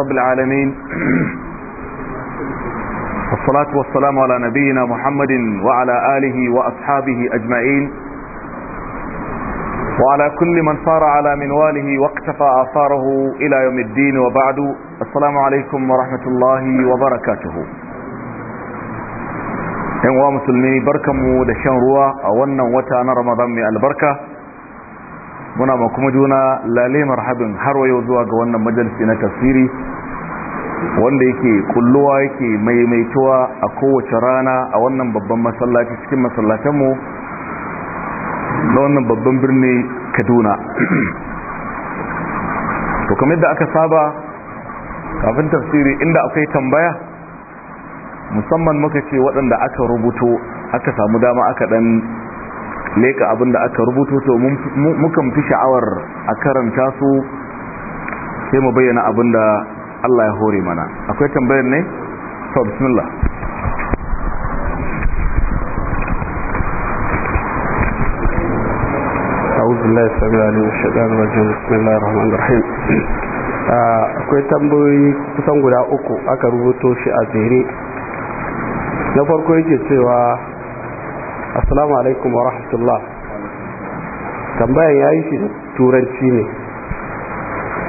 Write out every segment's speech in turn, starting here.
رب العالمين الصلاة والسلام على نبينا محمد وعلى آله وأصحابه أجمعين وعلى كل من صار على منواله واقتفى آثاره إلى يوم الدين وبعد السلام عليكم ورحمة الله وبركاته إن wa musulmi barkanmu روا أولنا وتانا رمضان من البركة muna ma kuma juna lale marhabin har yau zuwa ga wannan majalisi na tafsiri wanda yake kulluwa yake maimaituwa a kowace rana a wannan babban masallaci cikin masallatanmu na wannan babban birni kaduna to kamar da aka saba kafin tafsiri inda akwai tambaya musamman muka ce waɗanda aka rubuto aka samu dama aka ɗan leka abin da aka rubuto to mukan fi sha'awar a karanta su sai mu bayyana abin da Allah ya hore mana akwai tambayar ne? to bismillah أعوذ بالله السميع العليم الشيطان الرجيم بسم الله الرحمن الرحيم akwai tambayoyi kusan guda uku aka rubuto shi a zere na farko yake cewa assalamu alaikum wa rahmatullah tambayan ya yi shi turanci ne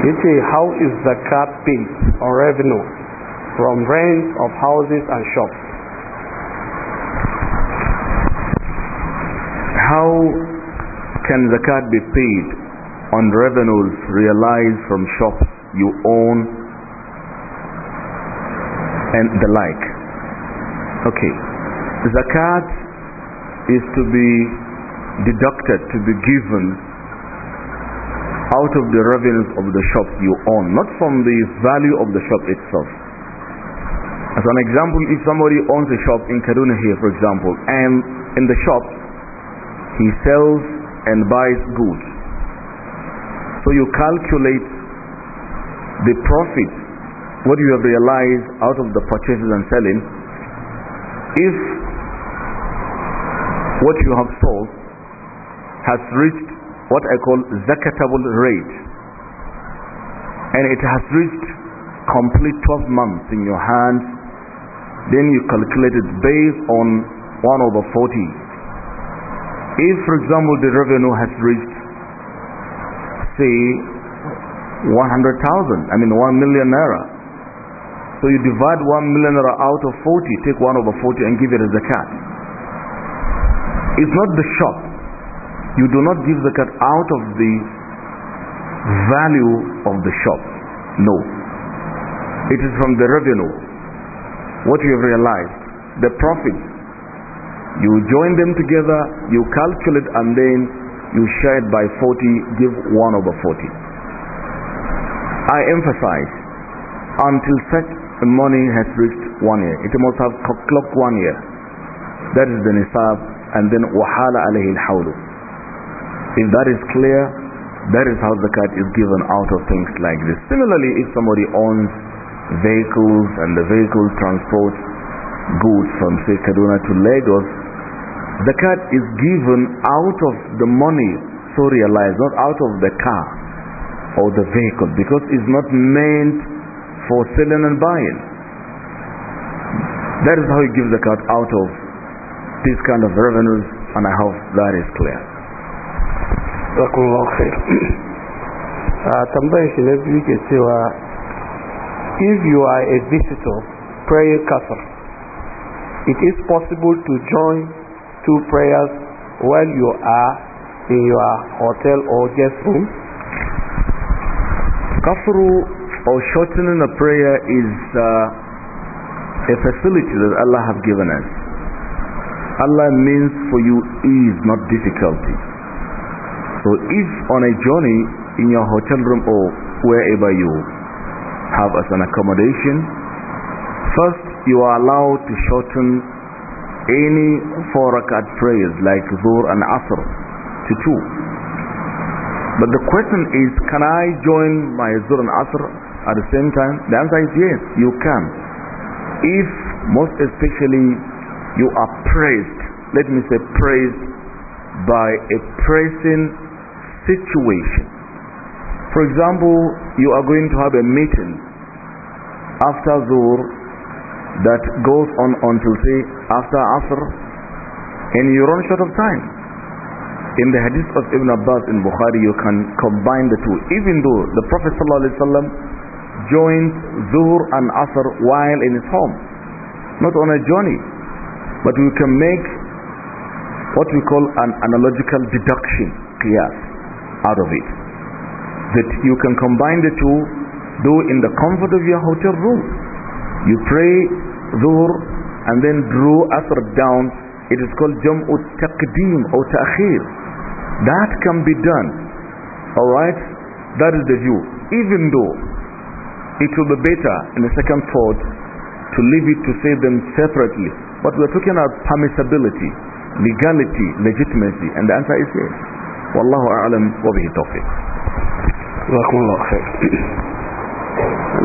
ya ce how is zakat paid on revenue from rent of houses and shops how can zakat be paid on revenues realized from shops you own and the like okay zakat is to be deducted, to be given out of the revenues of the shop you own, not from the value of the shop itself. As an example, if somebody owns a shop in Kaduna here, for example, and in the shop he sells and buys goods. So you calculate the profit, what you have realized out of the purchases and selling. If what you have sold has reached what I call zakatable rate and it has reached complete 12 months in your hands. then you calculate it based on 1 over 40 if for example the revenue has reached say 100,000 I mean 1 million naira so you divide 1 million naira out of 40 take 1 over 40 and give it as zakat is not the shop. You do not give zakat out of the value of the shop. No. It is from the revenue. What you have realized, the profit. You join them together, you calculate, and then you share it by 40, give 1 over 40. I emphasize, until such money has reached one year, it must have clocked one year. That is the nisab and then wahala alayhi al If that is clear, that is how zakat is given out of things like this. Similarly, if somebody owns vehicles and the vehicle transports goods from say Kaduna to Lagos, zakat is given out of the money, so realized, not out of the car or the vehicle, because it's not meant for selling and buying. That is how you give zakat out of these kind of revenues and I hope that is clear. Uh, uh, if you are a visitor prayer castle. it is possible to join two prayers while you are in your hotel or guest room. Kasru or shortening a prayer is uh, a facility that Allah has given us. Allah means for you ease, not difficulty. So if on a journey in your hotel room or wherever you have as an accommodation, first you are allowed to shorten any four rakat prayers like Zuhr and Asr to two. But the question is, can I join my Zuhr and Asr at the same time? The answer is yes, you can. If most especially you are praised. Let me say praised by a praising situation. For example, you are going to have a meeting after Zuhr that goes on until say after Asr and you run short of time. In the hadith of Ibn Abbas in Bukhari, you can combine the two. Even though the Prophet ﷺ joined Zuhr and Asr while in his home, not on a journey. But we can make what we call an analogical deduction, clear out of it. That you can combine the two, though in the comfort of your hotel room. You pray dhuhr and then draw asr down. It is called jam'u taqdeem or ta'khir. That can be done. Alright? That is the view. Even though it will be better in the second thought to leave it to say them separately but we're talking about permissibility, legality, legitimacy, and the answer is yes. Wallahu a'lam wa bihi tawfiq.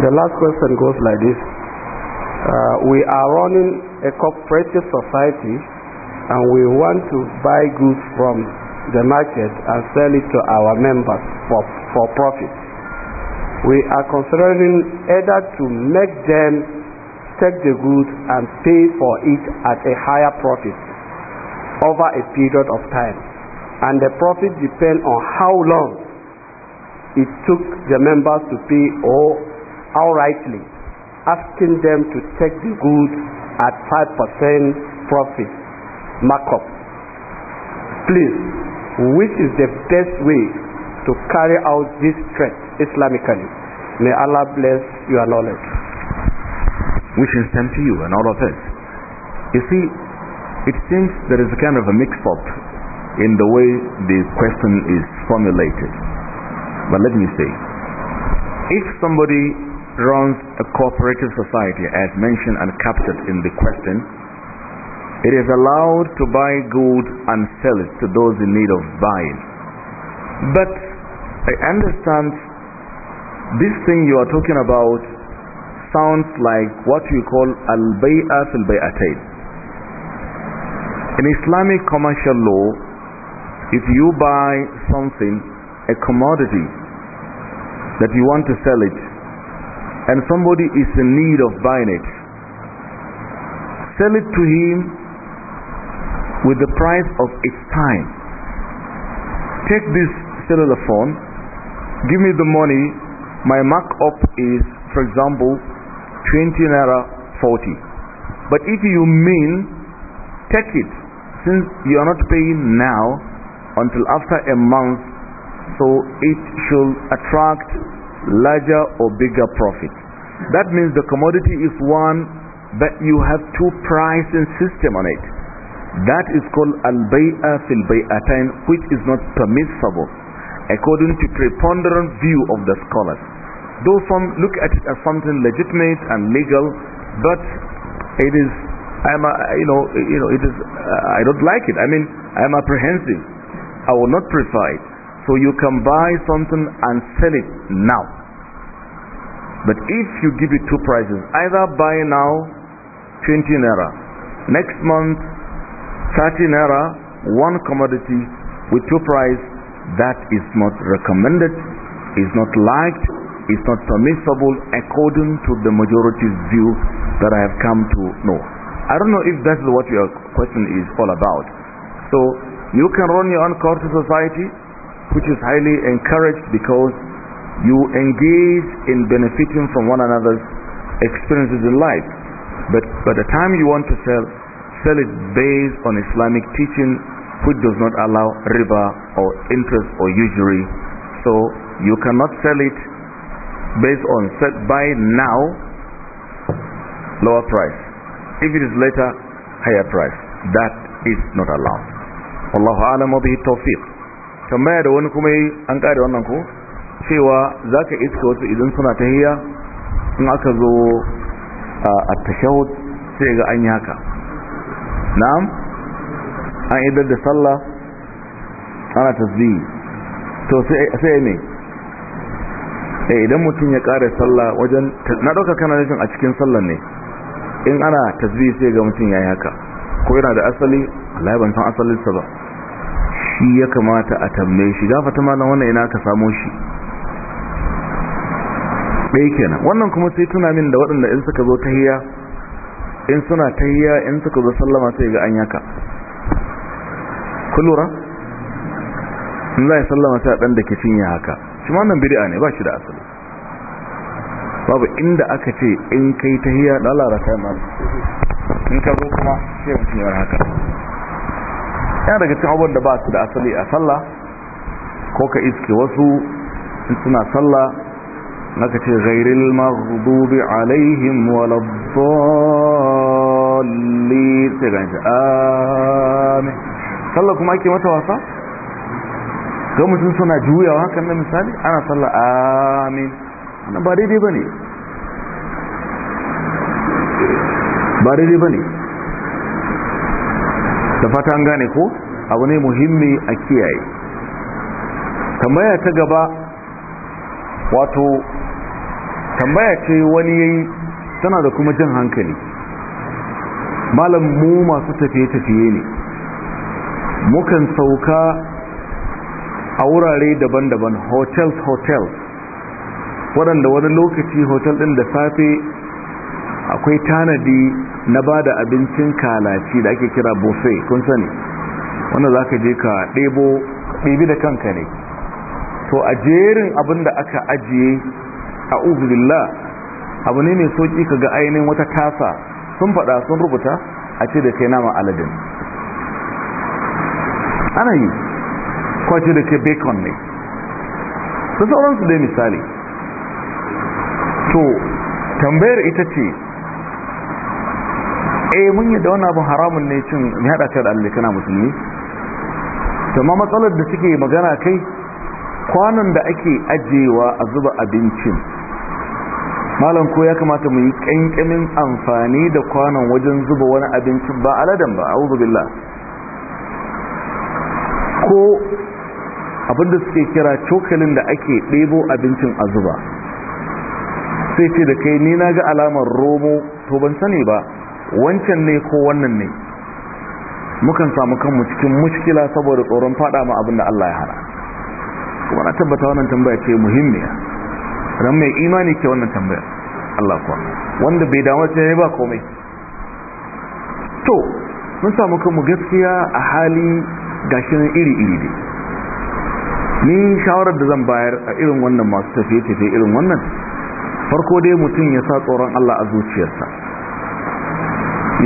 The last question goes like this. Uh, we are running a cooperative society and we want to buy goods from the market and sell it to our members for, for profit. We are considering either to make them take the goods and pay for it at a higher profit over a period of time. And the profit depends on how long it took the members to pay or how rightly, asking them to take the goods at 5% profit markup. Please, which is the best way to carry out this threat Islamically? May Allah bless your knowledge. Which is sent to you and all of this. You see, it seems there is a kind of a mix-up in the way the question is formulated. But let me say, if somebody runs a cooperative society as mentioned and captured in the question, it is allowed to buy goods and sell it to those in need of buying. But I understand this thing you are talking about sounds like what you call al-bay'a fil bay'atayn. In Islamic commercial law, if you buy something, a commodity, that you want to sell it, and somebody is in need of buying it, sell it to him with the price of its time. Take this cellular phone, give me the money, my markup is, for example, 20 naira 40 but if you mean take it since you are not paying now until after a month so it should attract larger or bigger profit that means the commodity is one but you have two pricing system on it that is called al-bay'a fil bay'atain which is not permissible according to preponderant view of the scholars do some look at it as something legitimate and legal, but it is, I'm, a, you know, you know, it is, uh, I don't like it. I mean, I'm apprehensive. I will not prefer it. So you can buy something and sell it now. But if you give it two prices, either buy now 20 naira, next month 30 naira, one commodity with two price, that is not recommended, is not liked, is not permissible according to the majority's view that I have come to know. I don't know if that's what your question is all about. So you can run your own culture society, which is highly encouraged because you engage in benefiting from one another's experiences in life. But by the time you want to sell, sell it based on Islamic teaching, which does not allow riba or interest or usury. So you cannot sell it based on set by now lower price if it is later higher price that is not allowed wallahu alam bihi tawfiq tambaya da wani kuma an kare wannan ko cewa zaka iska wasu idan suna tahiyya in aka zo a tashahud sai ga an yi haka na'am an idar da sallah ana tasbihi to sai ne eh idan mutum ya kare sallah wajen na dauka kana nufin a cikin sallar ne in ana tasbih sai ga mutum yayi haka ko yana da asali Allah ban san asalin sa ba shi ya kamata a tambaye shi gafata malam wannan ina ka samo shi bai kenan wannan kuma sai tuna min da waɗanda in suka zo tahiya in suna tahiya in suka zo sallama sai ga an yaka kullura in za sallama sai a ɗan da ke cinye haka shi wannan bid'a ne ba shi da asali babu inda aka ce in kai ta hiya dalara kai mara in ka zo kuma ce mutum ya haka ya daga cikin abubuwan da ba su da asali a sallah ko ka iske wasu in suna sallah naka ce ghairil maghdubi alaihim waladdallin sai ganci amin sallah kuma ake mata wasa ga mutum suna juyawa kan na misali ana sallah amin wannan ba daidai ba ne ba daidai ba ne da fata an gane ko abu ne muhimmi a kiyaye tambaya ta gaba wato tambaya ce wani yayi tana da kuma jin hankali malam mu masu tafiye-tafiye ne mukan sauka a wurare daban-daban hotels hotels waɗanda wani lokaci hotel ɗin da safe akwai tanadi na ba da abincin kalaci da ake kira buffet kun sani wanda za ka je ka ɗebo ɗebi da kanka ne to a jerin abin da aka ajiye a ubilillah abu ne mai soki ka ga ainihin wata kasa sun faɗa sun rubuta a ce da kai nama aladin ana yi kwace da ke bacon ne su sauransu dai misali to tambayar ita ce eh mun yi da wani abin haramun ne cin ni haɗa ta da kana musulmi ma matsalar da suke magana kai kwanon da ake ajiyewa a zuba abincin malam ko ya kamata mu yi kankanin amfani da kwanon wajen zuba wani abincin ba aladan ba a'udhu billah ko abinda suke kira cokalin da ake ɗebo abincin a zuba sai ce da kai ni na ga alamar romo to ban sani ba wancan ne ko wannan ne mukan samu kanmu cikin mushkila saboda tsoron fada ma abin da Allah ya hana kuma na tabbata wannan tambaya ce muhimmiya ran mai imani ke wannan tambaya. Allah kuwa wanda bai damar ta ne ba komai to mun samu kanmu gaskiya a hali gashi iri-iri ne ni shawarar da zan bayar a irin wannan masu tafiye-tafiye irin wannan farko dai mutum ya sa tsoron Allah a zuciyarsa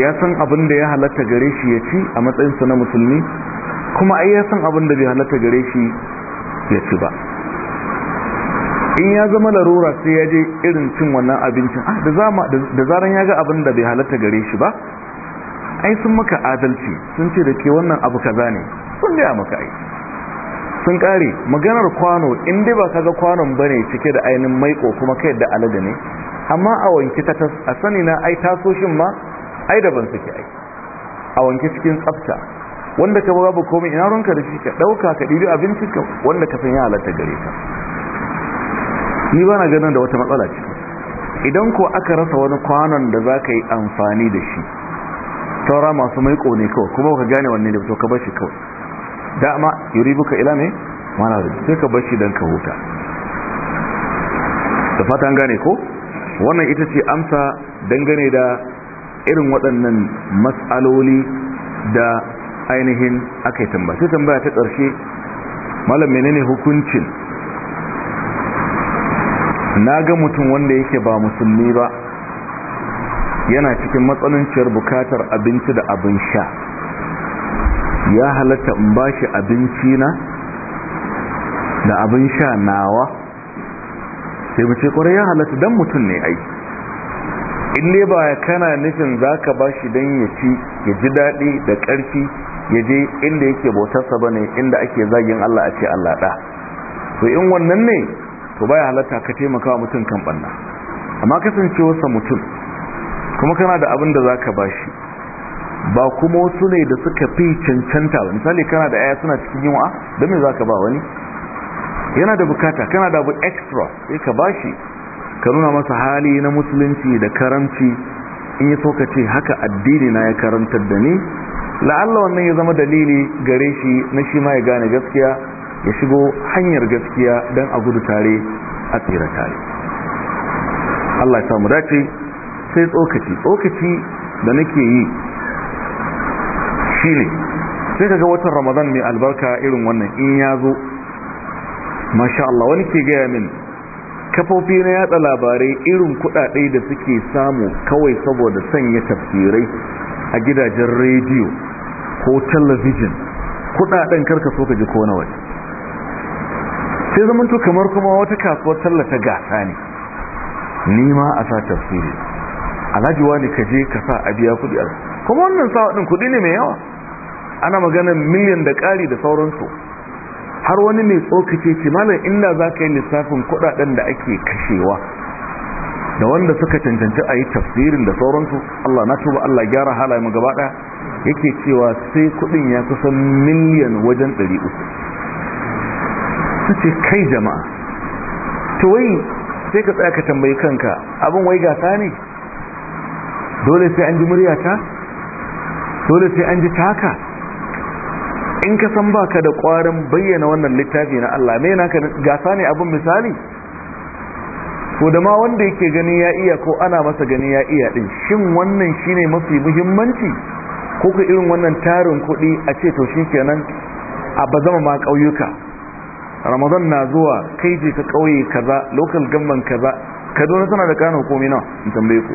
ya san abin da ya halatta gare shi ya ci a matsayinsa na musulmi kuma ai ya san abin da bai halatta gare shi ya ci ba in ya zama larura sai ya je irin cin wannan abincin ah da zaran ya ga abin da bai halatta gare shi ba ai sun maka adalci sun ce da ke wannan abu kaza ne sun gaya maka ai sun kare maganar kwano inda ba ka kaga kwanon bane cike da ainihin maiko kuma kai da alada ne amma a wanke ta a sani na ai tasoshin ma ai ban suke ai a wanke cikin tsafta wanda ka babu komai ina ronka da shi ka dauka ka dibi abincin ka wanda ka san ya halatta gare ka ni ba na ganin da wata matsala ce idan ko aka rasa wani kwanon da za ka yi amfani da shi saura masu maiko ne kawai kuma ka gane wanne da to ka bar shi kawai dama yuribuka ila me mana sai ka bar dan ka huta da fatan gane ko wannan ita ce amsa dangane da irin waɗannan matsaloli da ainihin aka tambaya sai tambaya ta ƙarshe malam menene hukuncin na ga mutum wanda yake ba musulmi ba yana cikin matsananciyar bukatar abinci da abin sha ya halatta in ba shi abinci na da abin sha nawa sai mu ce ya halatta don mutum ne ai in ne ba kana nufin za ka ba shi don ya ci ya ji daɗi da ƙarfi ya je inda yake bautarsa ba ne inda ake zagin Allah a ce Allah ɗa to in wannan ne to baya halatta ka taimaka wa mutum kan ɓanna amma kasancewarsa mutum kuma kana da abin da za ka ba shi ba kuma wasu ne da suka fi cancanta ba misali kana da aya suna cikin yunwa don me za ka ba wani yana da bukata kana da abu extra sai ka ba shi ka nuna masa hali na musulunci da karamci in yi soka ce haka addini na ya karantar da ni la'alla wannan ya zama dalili gare shi na shi ma ya gane gaskiya ya shigo hanyar gaskiya don a gudu tare a tsira tare Allah ya samu dace sai tsokaci tsokaci da nake yi Shi ne, sai ga watan ramadan mai albarka irin wannan in ya zo masha Allah wani ke gaya min kafofi na yada labarai irin kudade da suke samu kawai saboda sanya tafsirai a gidajen rediyo ko talabijin kudaden karka so ka ji ko na waje sai to kamar kuma wata kasuwar tallata gasa ne nima a sa tafsiri alhaji wani ka je ka sa a biya a kuma wannan sawa ɗin kudi ne mai yawa ana magana miliyan da ƙari da sauransu har wani mai tsokace ce malam inda za ka yi lissafin kudaden da ake kashewa da wanda suka cancanci a yi tafsirin da sauransu Allah na tuba Allah gyara halaye mu gaba ɗaya yake cewa sai kudin ya kusan miliyan wajen 300 su ce kai jama'a to wai sai ka tsaya ka tambayi kanka abin wai gasa ne dole sai an ji ta dole sai an ji taka in ka san baka da ƙwarin bayyana wannan littafi na Allah me naka gasa ne abin misali ko da ma wanda yake gani ya iya ko ana masa gani ya iya din shin wannan shine mafi muhimmanci ko ka irin wannan tarin kuɗi a ce to nan? a bazama ma ƙauyuka ramadan na zuwa kai je ka ƙauye kaza local government kaza kaduna tana da kano komai nawa in tambaye ku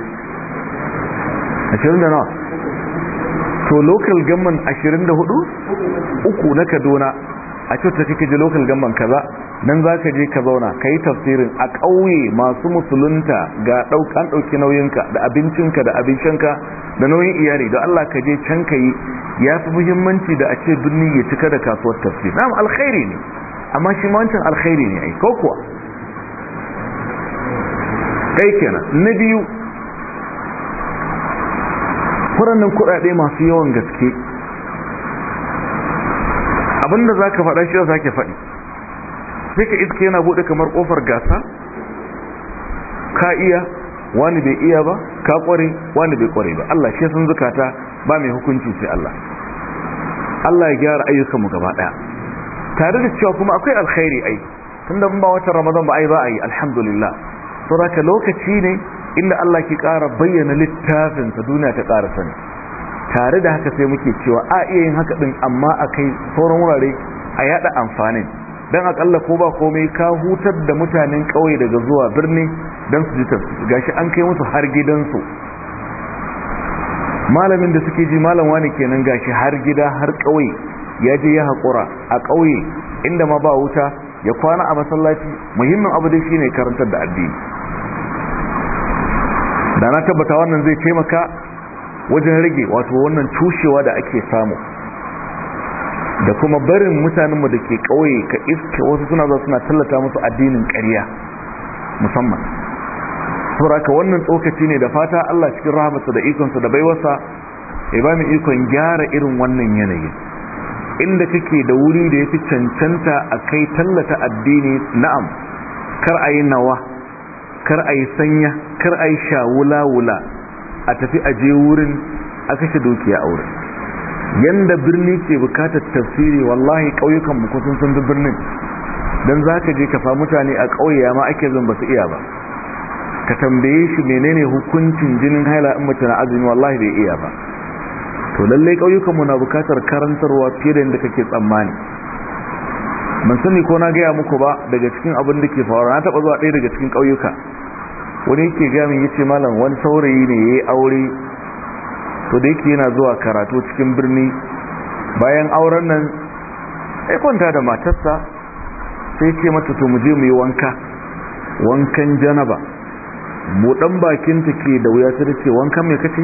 to local da 24 uku na kaduna a cuta kake ji local gamman kaza nan za ka je ka zauna ka yi tafsirin a ƙauye masu musulunta ga ɗaukan ɗauki nauyinka da abincinka da abincinka da nauyin iyali da Allah ka je can ka yi ya fi muhimmanci da a ce birni ya cika da kasuwar tafsir na alkhairi ne amma shi alkhairi ne ai ko kuwa kai kenan na biyu furannin kuɗaɗe masu yawan gaske abinda za ka faɗa shi za faɗi sai ka iske yana buɗe kamar ƙofar gasa ka iya wani bai iya ba ka ƙware wani bai ƙware ba Allah shi sun zukata ba mai hukunci sai Allah Allah ya gyara ayyukanmu gaba ɗaya tare da cewa kuma akwai alkhairi ai tunda mun ba watan Ramadan ba ai ba ai alhamdulillah saboda lokaci ne inda Allah ke ƙara bayyana littafinsa duniya ta ƙara sani tare da haka sai muke cewa a iya yin haka ɗin amma a kai sauran wurare a yada amfanin don kalla ko ba komai ka hutar da mutanen ƙauye daga zuwa birni don su ji gashi an kai musu har gidansu malamin da suke ji malam wani kenan gashi har gida har ƙauye ya je ya haƙura a ƙauye inda ma ba wuta ya kwana a masallaci muhimmin abu dai shine karantar da addini da na tabbata wannan zai taimaka wajen rage wato wannan tushewa da ake samu da kuma barin mutanenmu da ke ƙauye ka iske wasu suna zuwa suna tallata musu addinin ƙarya musamman sauraka wannan tsokaci ne da fata Allah cikin rahamarsa da ikonsa da baiwarsa ya ba mu ikon gyara irin wannan yanayin inda kake da wuri da ya fi cancanta a kai tallata addini na'am kar a yi nawa kar a yi sanya kar a yi shawula-wula a tafi a je wurin a kashe dukiya a wurin yadda birni ke bukatar tafsiri wallahi ƙauyukan mukusun sun da birnin don za ka je ka fa mutane a ƙauye ma ake zan ba su iya ba ka tambaye shi menene hukuncin jinin haila in na azumi wallahi bai iya ba to lallai ƙauyukanmu na bukatar karantarwa fiye da yadda kake tsammani ban sani ko na gaya muku ba daga cikin abin da ke faruwa na taɓa zuwa ɗaya daga cikin ƙauyuka wani yake gami ya ce malam wani saurayi ne ya yi aure to da yake yana zuwa karatu cikin birni bayan auren nan ya kwanta da matarsa sai ce mata to mu je mu yi wanka wankan janaba mu dan bakin ta ke da wuya sai ce wankan me kace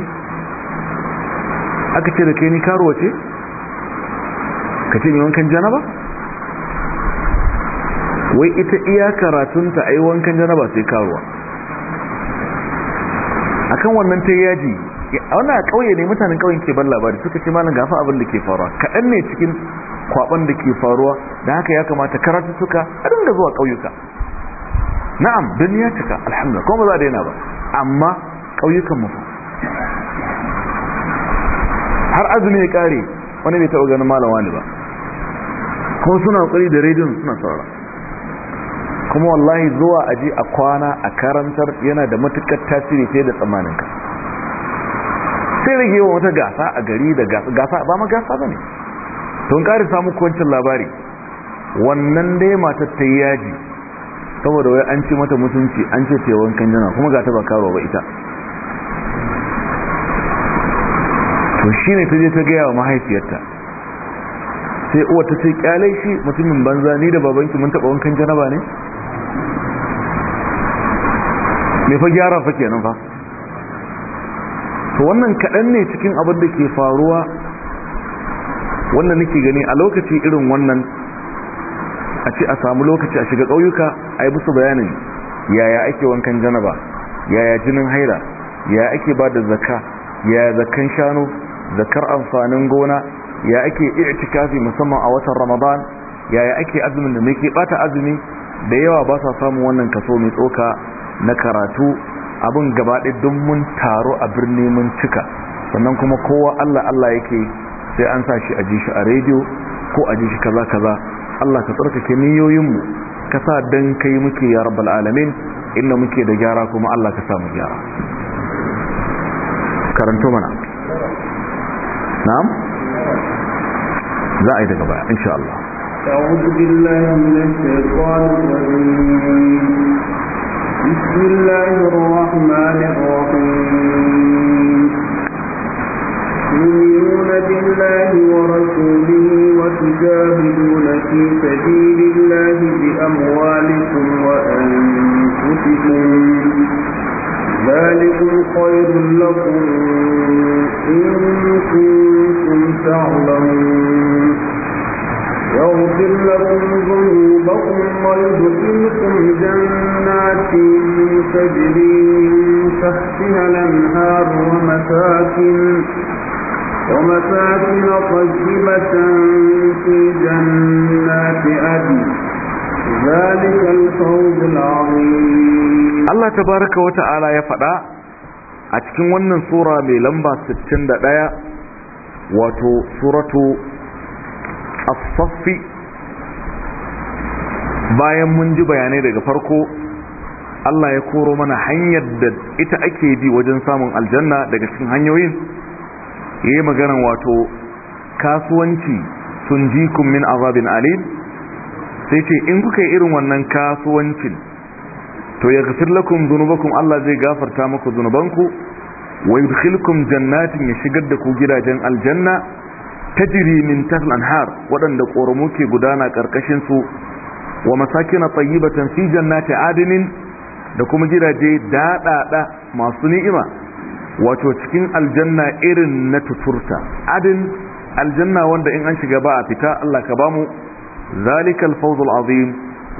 aka ce da kai ni karuwa ce ka ce mai wankan janaba wai ita iya karatunta a yi wankan janaba sai karuwa akan wannan ta yaji a wannan ƙauye ne mutanen ƙauyen ke ban labari suka ce malam gafa abin da ke faruwa kaɗan ne cikin kwaban da ke faruwa da haka ya kamata karatu suka a dinga zuwa ƙauyuka na'am duniya cika alhamdulillah kuma ba za a daina ba amma ƙauyukan mu har azumi ya kare wani bai taɓa ganin malama ne ba kuma suna ƙwari da rediyon suna saurara kuma wallahi zuwa aji a kwana a karantar yana da matukar tasiri sai da tsamaninka sai rage yawan wata gasa a gari da gasa ba ma gasa ba ne tun kari samun kwancin labari wannan dai matar ta yi yaji saboda wai an ce mata mutunci an ce tewon kan jana kuma ga ta ba karo ba ita to shi ne ta je ta gaya wa mahaifiyarta sai uwa ta ce kyalai shi mutumin banza ni da babanki mun taɓa wankan janaba ne mai fa gyara fa kenan fa to wannan kaɗan ne cikin abin da ke faruwa wannan nake gani a lokaci irin wannan a ce a samu lokaci a shiga ƙauyuka a yi musu bayanin yaya ake wankan janaba yaya jinin haira yaya ake ba da zaka yaya zakan shanu zakar amfanin gona ya ake i'tikafi musamman a watan ramadan yaya ake azumin da ke bata azumi da yawa ba sa samun wannan kaso mai tsoka na karatu abin gabaɗe don mun taro a birni mun cika sannan kuma kowa Allah Allah yake sai an sa shi a ji a rediyo ko a ji shi kaza kaza Allah ka tsarkake niyoyinmu ka sa dan kai muke ya rabbal alamin inda muke da gyara kuma Allah ka sa mu gyara karanto mana na'am za a yi daga baya insha Allah أعوذ بالله من الشيطان الرجيم بسم الله الرحمن الرحيم يؤمنون بالله ورسوله وتجاهدون في سبيل الله بأموالكم وأنفسكم ذلكم خير لكم إن كنتم تعلمون يغفر لكم ذنوبكم ويدخلكم جنات تجري من تحتها الانهار ومساكن ومساكن طيبة في جنات أبي ذلك الفوز العظيم الله تبارك وتعالى يفعل أتكن ونن سورة للمبا 61 وتو سورة Affafi bayan mun ji bayanai daga farko Allah ya koro mana hanyar da ita ake bi wajen samun aljanna daga cikin hanyoyin yayi maganan wato kasuwanci tunjikum min azabin alim sai ce in kuka yi irin wannan kasuwancin to ya gafir lakum zunubakum Allah zai gafarta muku zunubanku wa yudkhilkum jannatin ya shigar da ku gidajen aljanna Ta min tahtil anhar waɗanda koramu ke gudana karkashin su wa masakin ba fi jannati adnin da kuma gidaje daɗaɗa masu ni'ima wato cikin aljanna irin na tuturta adin aljanna wanda in an shiga ba a fita Allah ka bamu zalikal fawzul azim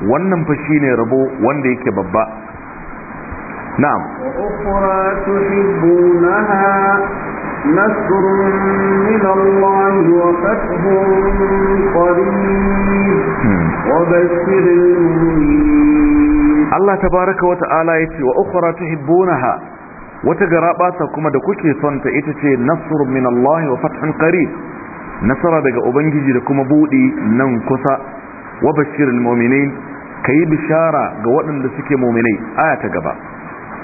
wannan fa shine rabo wanda yake babba na'am ukhra tuhibbunaha نصر من الله وفتح قريب وبشر المؤمنين الله تبارك وتعالى يتي وأخرى تحبونها وتقراباتها كما دكوكي صنت يتي نصر من الله وفتح قريب نصر دقى أبنجي لكم بودي ننكس وبشر المؤمنين كي بشارة قوة لسكي مؤمنين آية قبا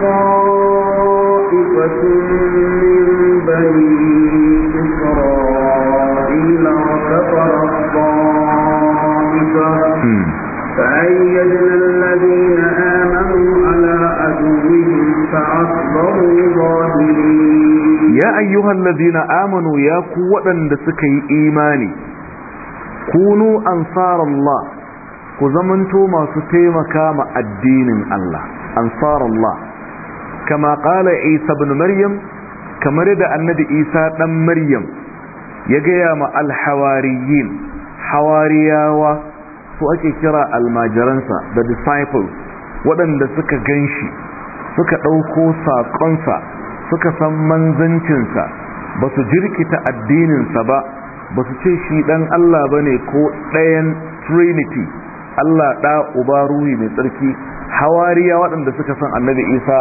طائفة من بني إسرائيل طائفة فأيدنا الذين آمنوا على عدوهم يا أيها الذين آمنوا يا قوة لسكي إيماني كونوا أنصار الله ku zamanto masu taimaka ما addinin الله انصار الله kama qala isa ibn maryam kamar da annabi isa dan maryam ya gaya ma alhawariyin hawariyawa su ake kira almajiransa da disciples waɗanda suka ganshi suka ɗauko saƙonsa suka san manzancinsa ba su jirkita addininsa ba ba su ce shi ɗan Allah ba ne ko ɗayan trinity Allah ɗa uba ruhi mai tsarki hawariya waɗanda suka san annabi isa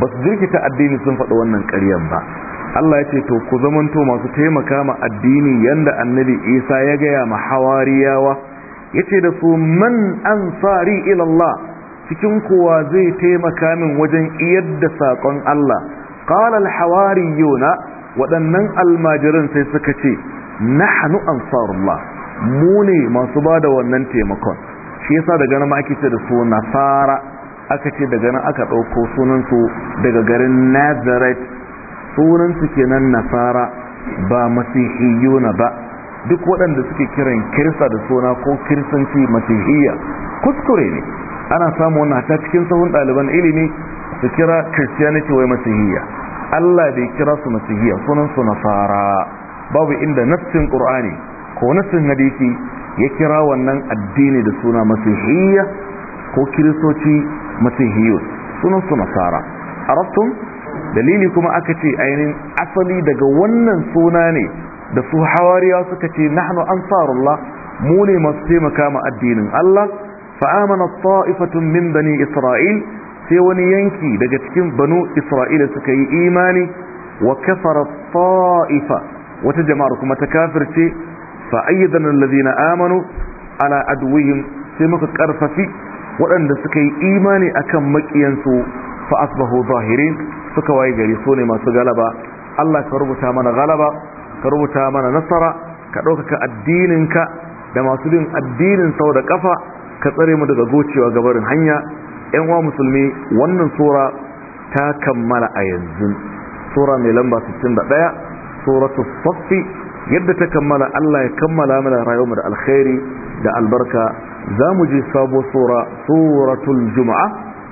ba su jirkita addini sun faɗi wannan ƙaryar ba Allah ya ce to ku zamanto masu taimaka ma addini yanda annabi Isa ya gaya ma hawariyawa ya ce da su man ansari ila ilallah cikin kowa zai taimaka min wajen iyar da saƙon Allah ƙalal hawari yona waɗannan almajiran sai suka ce na nahnu ansarullah mu ne masu ba da wannan taimakon shi yasa daga nan ma ake ce da su nasara aka ce daga nan aka ɗauko sunansu daga garin nazareth sunansu kenan nasara ba masihiyuna ba duk waɗanda suke kiran kirista da suna ko kiristanci masihiyya kuskure ne ana samu wannan ta cikin sahun ɗaliban ilimi su kira christianity wai masihiyya allah bai kira su masihiyya sunansu nasara babu inda nassin ƙur'ani ko nassin hadisi ya kira wannan addini da suna masihiyya ko kiristoci masihiyu sunansu nasara arabtum dalili kuma aka ce ainihin asali daga wannan suna ne da su hawariya suka ce nahnu ansarullah mu ne masu taimaka ma addinin Allah fa'amana amana ta'ifatun min bani isra'il sai wani yanki daga cikin banu isra'ila suka yi imani wa kafara ta'ifa wata jama'ar kuma ta kafirce fa ayyadana allazina amanu ala adwihim sai muka karfafi waɗanda suka yi imani akan makiyansu fa asbahu zahirin suka waye gari su ne masu galaba Allah ka rubuta mana galaba ka rubuta mana nasara ka ɗaukaka addininka da masu bin addinin sau da ƙafa ka tsare mu daga gocewa gabarin hanya yan wa musulmi wannan sura ta kammala a yanzu sura mai lamba 61 suratul saffi yadda ta kammala Allah ya kammala mana rayuwar alkhairi da albarka za mu ji sabo sura suratul jumu'a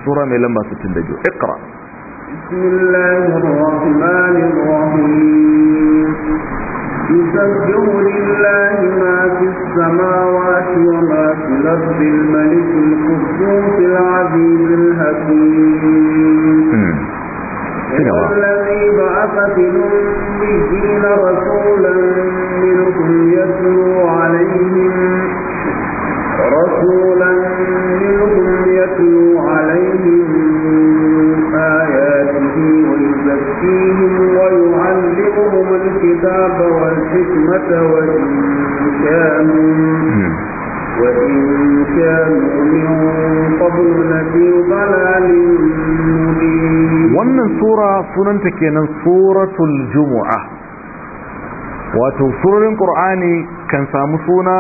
sura mai lamba 62 iqra bismillahir يسبح لله ما في السماوات وما في الأرض الملك القدوس العزيز الحكيم سنوا بعث في رسولا منكم يتلو عليهم آياته ويزكيهم ويعلمهم الكتاب والحكمة وإن كانوا wannan sura sunanta kenan suratul jumu'a wato surorin qur'ani kan samu suna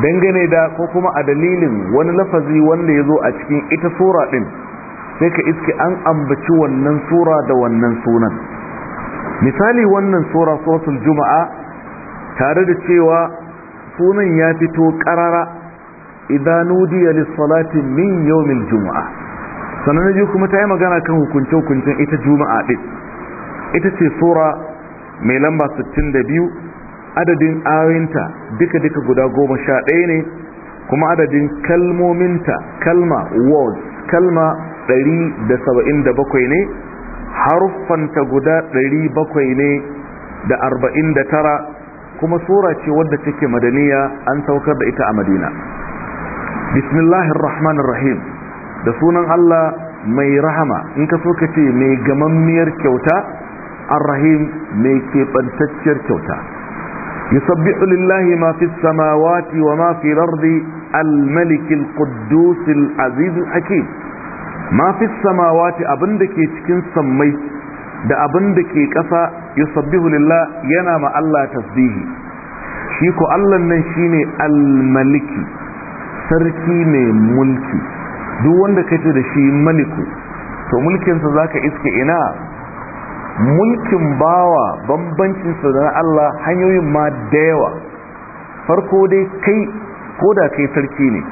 dangane da ko kuma a dalilin wani lafazi wanda ya zo a cikin ita sura din sai ka iske an ambaci wannan sura da wannan sunan misali wannan sura suratul juma'a tare da cewa sunan ya fito karara idan nudiya lissalati min yawmin juma'a sannan ji kuma ta yi magana kan hukunce hukunce ita juma'a din ita ce sura mai lamba 62 adadin ayoyinta duka duka guda 11 ne kuma adadin kalmominta kalma words kalma 177 ne haruffanta guda 700 ne da 49 kuma sura ce wadda take madaniya an saukar da ita a madina bismillahir rahmanir rahim da sunan Allah mai rahama in ka so ka ce mai gamammiyar kyauta ar-rahim mai keɓantacciyar kyauta yusabbihu lillahi ma fis samawati wa ma fil ardi al-malik al-quddus al-aziz al-hakim ma fis samawati abinda ke cikin sammai da abin da ke ƙasa yusabbihu lillah yana ma Allah tasbihi shi ko Allah nan shine al-maliki sarki mai mulki duk wanda kace da shi maliku to mulkinsa zaka iske ina mulkin bawa bambancinsa da na Allah hanyoyin ma da yawa farko dai kai ko da kai sarki ne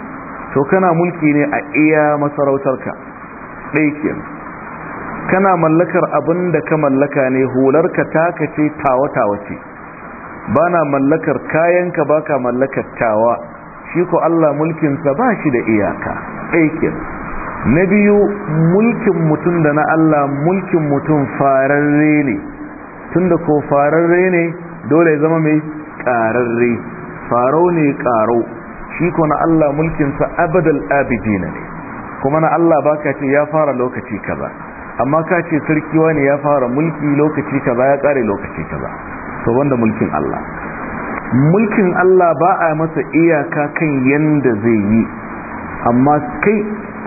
to kana mulki ne a iya masarautarka ɗaya kenan kana mallakar abin da ka mallaka ne hularka taka ce tawa-tawa ce ba na mallakar kayanka ba ka mallakar tawa shi ko Allah mulkinsa ba shi da iyaka aikin na biyu mulkin mutum da na Allah mulkin mutum fararre ne tunda ko fararre ne dole zama mai ƙararre faro ne ƙaro shi ko na Allah mulkinsa abadal abidina ne kuma na Allah baka ce ya fara lokaci ka ba. amma ka ce sarki wani ya fara mulki lokaci kaza ya kare lokaci kaza to wanda mulkin Allah mulkin Allah ba a masa iyaka kan yanda zai yi amma kai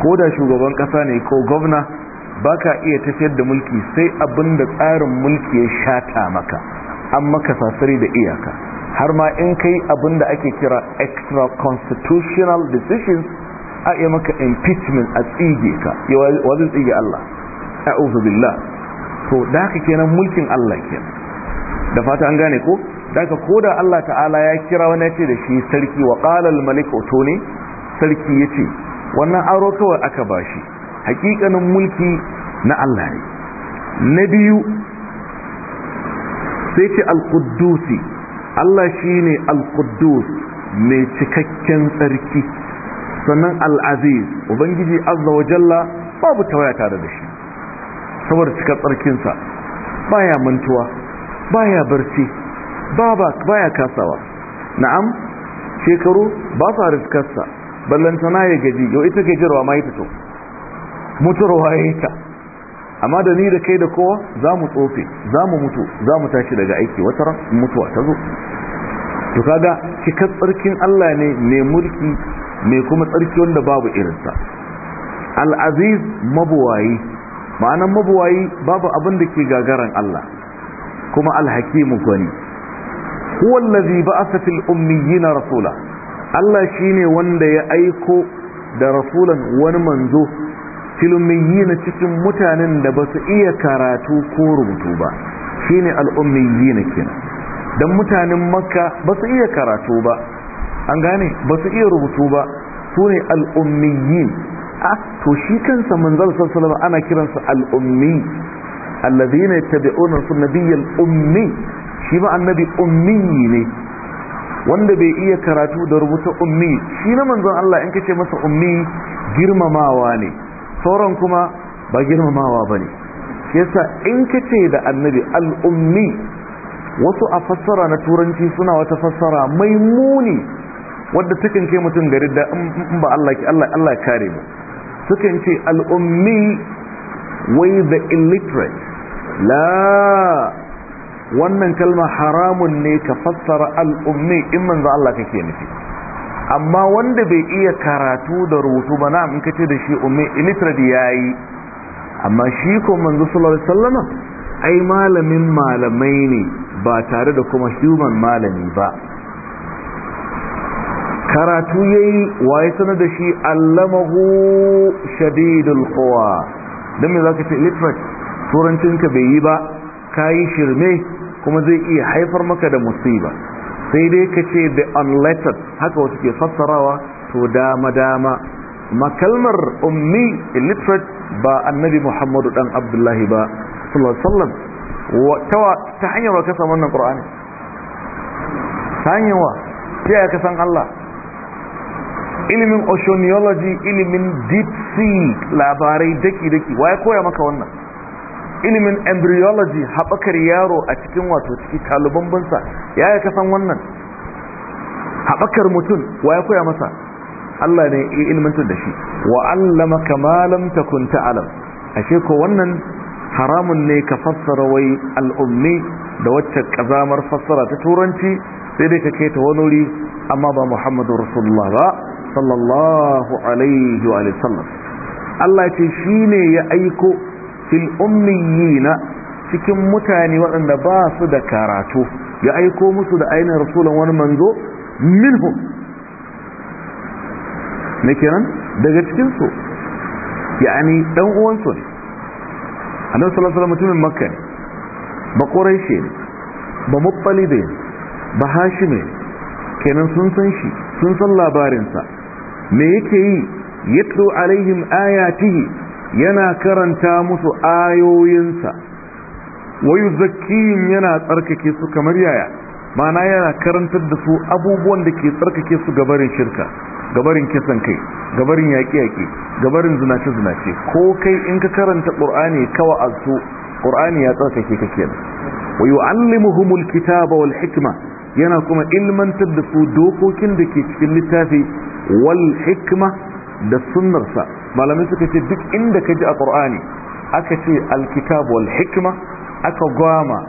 ko da shugaban kasa ne ko gwamna ba ka iya tafiyar da mulki sai abin da tsarin mulki ya shata maka an maka sasari da iyaka har ma in kai abin da ake kira extra constitutional decisions a iya maka impeachment a tsige ka wazin tsige Allah a'udhu billah to da haka kenan mulkin Allah ke? da fata an gane ko da haka da Allah ta'ala ya kira wani yace da shi sarki wa qala al malik utuni sarki yace wannan aro kawai aka bashi hakikanin mulki na Allah ne na biyu sai ce al-quddusi Allah shine al-quddus mai cikakken sarki. sannan al-aziz ubangiji azza wa jalla babu tawaya tare da shi saboda cika tsarkinsa baya mantuwa baya barci baya kasawa na'am shekaru ba sa riskarsa ballantana ya gaji yau ita gajirwa ma yi fito mutuwa ya ta amma da ni da kai da kowa za mu tsofe za mu mutu za mu tashi daga aiki wata ran mutuwa ta zo to kaga cikar tsarkin Allah ne mai mulki mai kuma tsarki wanda babu irinsa al-aziz mabuwayi ma'anan mabuwayi babu abin da ke gagaran Allah kuma alhakimu gwani ba a ba'atha fil na rasula Allah shi ne wanda ya aiko da rasulan wani manzo fil na cikin mutanen da ba su iya karatu ko rubutu ba Shi ne al'ummiyi na kina. don mutanen makka su iya karatu ba an gane su iya rubutu ba Su ne al'ummiyi a to shi kansa manzon sallallahu ana kiransa al-ummi alladhina yattabi'una sunnabiyal ummi shi ma annabi ummi ne wanda bai iya karatu da rubuta ummi shi na manzon Allah in kace masa ummi girmamawa ne sauran kuma ba girmamawa ba shi yasa in kace da annabi al'ummi wasu a fassara na turanci suna wata fassara mai muni wadda takan kai mutum gari da in ba Allah ki Allah Allah kare mu sukan ce al'ummi wai the illiterate la wannan kalma haramun ne ka fassara al'ummi in manzo Allah kake nufi amma wanda bai iya karatu da rubutu ba na in kace da shi ummi illiterate yayi amma shi ko manzo sallallahu alaihi wasallama ai malamin malamai ne ba tare da kuma human malami ba karatu yayi waye sanar da shi allamahu shadidul quwa dan me zaka ce literate turancin ka bai yi ba kai shirme kuma zai iya haifar maka da musiba sai dai ka ce the unlettered haka wasu ke fassarawa to dama dama makalmar ummi illiterate ba annabi muhammadu dan abdullahi ba sallallahu alaihi ta hanyar wa ka samu wannan qur'ani ta hanyar wa ta ka san Allah ilimin oceanology ilimin deep sea labarai daki-daki ya koya maka wannan ilimin embryology haɓakar yaro a cikin wato ciki taliban binsa ya yi kasan wannan haɓakar mutum ya koya masa Allah ne ya ilmantar da shi wa allama kamalam takun ta'alam ashe ko wannan haramun ne ka fassara wai al'ummi da wacce kazamar fassara ta turanci sai dai ka keta wani wuri amma ba muhammadu rasulullah ba sallallahu alaihi wa sallam Allah ce shi ne ya aiko fil ummiyina cikin mutane waɗanda ba su da karatu ya aiko musu da ainihin rasulun wani manzo minhum na kenan daga cikinsu ya'ani ɗan uwansu ne annabi sallallahu alaihi mutumin makka ne ba shi ne ba da ne ba hashimi ne kenan sun san shi sun san labarinsa me yake yi yatlu alaihim ayatihi yana karanta musu ayoyinsa wayu zakiyin yana tsarkake su kamar yaya mana yana karantar da su abubuwan da ke tsarkake su gabarin shirka gabarin kisan kai gabarin yaƙi yaƙe gabarin zinace-zinace ko kai in ka karanta ƙur'ani kawa a su ƙur'ani ya tsarkake ka kenan wa yu'allimuhumul kitaba wal hikma yana kuma ilmantar da su dokokin da ke cikin littafi wal hikma da sunnarsa malamai suka ce duk inda ka ji a ƙur'ani aka ce alkitab wal hikma aka gwama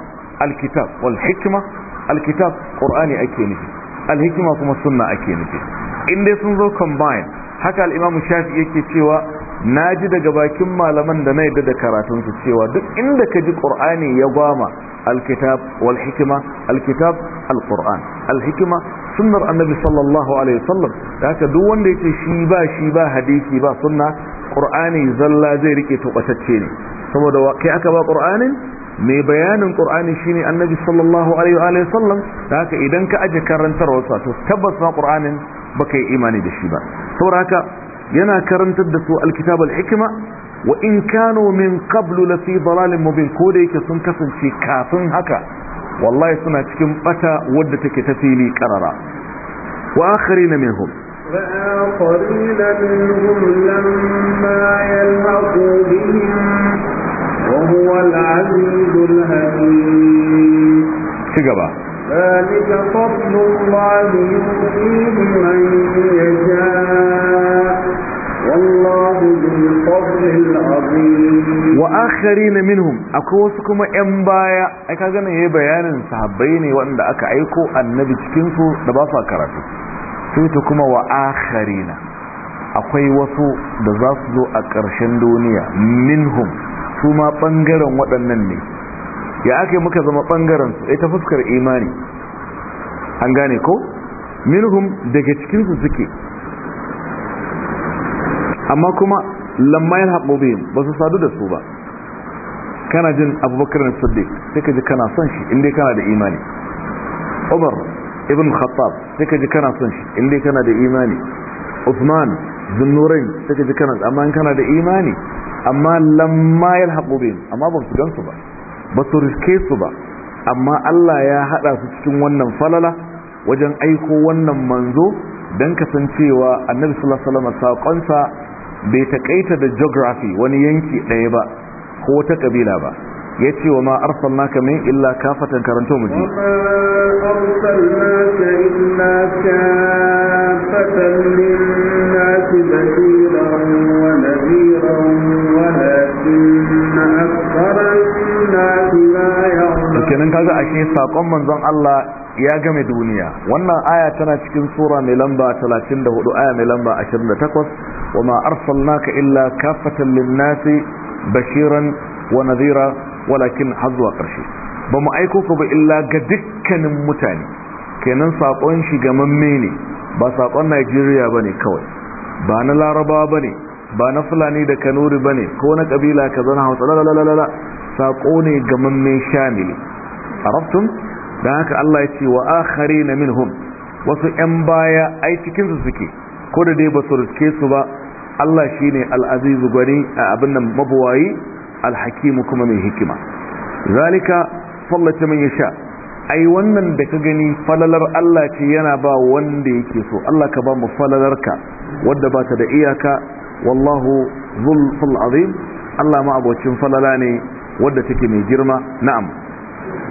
alkitab wal hikma alkitab ƙur'ani ake nufi alhikma kuma sunna ake nufi in dai sun zo combine haka al'imamu shafi yake cewa na ji daga bakin malaman da na yarda da karatunsu cewa duk inda ka ji ƙur'ani ya gwama alkitab wal hikma alkitab alƙur'an alhikma sunnar annabi sallallahu alaihi wasallam da haka duk wanda yake shi ba shi ba hadisi ba sunna qur'ani zalla zai rike to kwatacce ne saboda kai aka ba qur'anin mai bayanin qur'ani shine annabi sallallahu alaihi wa sallam da haka idan ka aje karantarwa to tabbas ma qur'anin baka yi imani da shi ba saboda haka yana karantar da su alkitab alhikma wa in kanu min qablu la fi dalalin mubin ko da yake sun kasance kafin haka والله سنة تكم فتا ودتك تفيلي كررا وآخرين منهم وآخرين منهم لما يلعقوا بهم وهو العزيز الهديد شكبا ذلك فضل الله يؤتيه من يشاء wa ذو Minhum? akwai wasu kuma yan baya ai ka gane yayin bayanin sahabbai ne wanda aka aiko annabi cikin su da ba su karatu sai ta kuma wa na. akwai wasu da za su zo a ƙarshen duniya minhum su ma bangaren waɗannan ne ya aka muka zama bangaren su ai ta fuskar imani an gane ko minhum daga cikin su suke amma kuma lamma yan haɓo bihim ba su sadu da su ba kana jin abubakar na siddiq sai ka ji kana son shi inda kana da imani umar ibn khattab sai ka ji kana son shi inda kana da imani usman zunnurain sai ka ji kana amma kana da imani amma lamma yan haɓo bihim amma ba su gan su ba ba su riske su ba amma Allah ya haɗa su cikin wannan falala wajen aiko wannan manzo don kasancewa annabi sallallahu alaihi wasallam saƙonsa bai taƙaita da geography wani yanki ɗaya ba ko wata ƙabila ba ya ce wa ma naka min illa kafatan karanto mu ji kenan kaga ashe sakon manzon Allah ya game duniya wannan aya tana cikin sura mai lamba 34 aya mai lamba 28 wama arsalnaka illa kafatan lin bashiran wa nadhira walakin hazuwa karshe bamu aiko ka ba illa ga dukkanin mutane kenan saƙon shi ga mamme ne ba sakon Najeriya bane kawai ba na Larabawa bane ba na Fulani da Kanuri bane ko na kabila kaza na Hausa la la la ne ga mamme shamili arabtum da haka Allah ya ce wa akhari na minhum wasu 'yan baya ai cikinsu suke ko da dai ba su riske su ba Allah shi ne al'azizu gwani a abin nan mabuwayi alhakimu kuma mai hikima zalika fallace man ya sha ai wannan da ka gani falalar Allah ce yana ba wanda yake so Allah ka ba mu falalarka wadda ba ta da iyaka wallahu zulful azim Allah ma abocin falala ne wadda take mai girma na'am